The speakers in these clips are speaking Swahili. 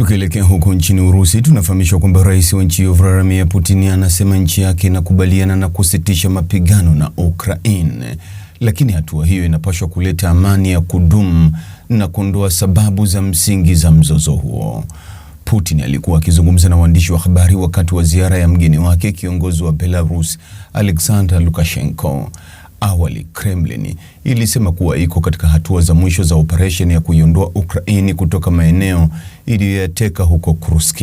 Tukielekea huko nchini Urusi, tunafahamishwa kwamba rais wa nchi hiyo Vladimir Putin anasema nchi yake inakubaliana na kusitisha mapigano na Ukraine, lakini hatua hiyo inapaswa kuleta amani ya kudumu na kuondoa sababu za msingi za mzozo huo. Putin alikuwa akizungumza na waandishi wa habari wakati wa ziara ya mgeni wake, kiongozi wa Belarus Alexander Lukashenko. Awali Kremlin ilisema kuwa iko katika hatua za mwisho za operesheni ya kuiondoa Ukraini kutoka maeneo iliyoyateka huko Kursk.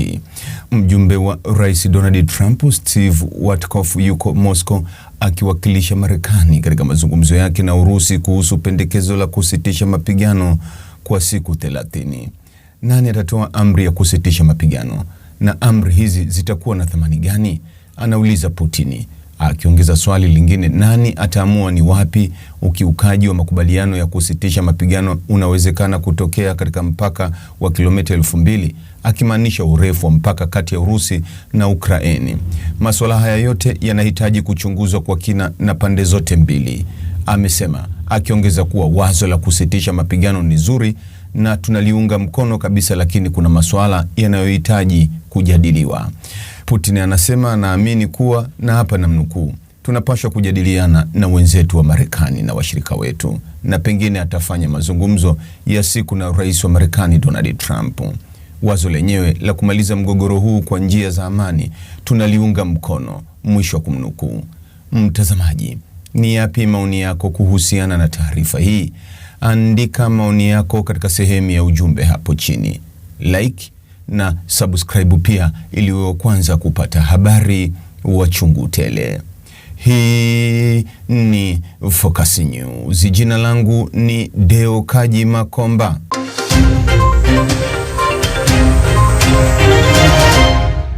Mjumbe wa Rais Donald Trump, Steve Witkoff, yuko Moscow akiwakilisha Marekani katika mazungumzo yake na Urusi kuhusu pendekezo la kusitisha mapigano kwa siku 30. Nani atatoa amri ya kusitisha mapigano na amri hizi zitakuwa na thamani gani? Anauliza Putini akiongeza swali lingine, nani ataamua ni wapi ukiukaji wa makubaliano ya kusitisha mapigano unawezekana kutokea katika mpaka wa kilomita elfu mbili akimaanisha urefu wa mpaka kati ya Urusi na Ukraini. Masuala haya yote yanahitaji kuchunguzwa kwa kina na pande zote mbili, amesema, akiongeza kuwa wazo la kusitisha mapigano ni zuri na tunaliunga mkono kabisa, lakini kuna masuala yanayohitaji kujadiliwa. Putin anasema anaamini kuwa na hapa namnukuu, tunapaswa kujadiliana na wenzetu wa Marekani na washirika wetu, na pengine atafanya mazungumzo ya siku na rais wa Marekani Donald Trump. Wazo lenyewe la kumaliza mgogoro huu kwa njia za amani tunaliunga mkono, mwisho wa kumnukuu. Mtazamaji, ni yapi maoni yako kuhusiana na taarifa hii? Andika maoni yako katika sehemu ya ujumbe hapo chini, like na subscribe pia ili uwe kwanza kupata habari wa chungu tele. Hii ni Focus News. Jina langu ni Deo Kaji Makomba.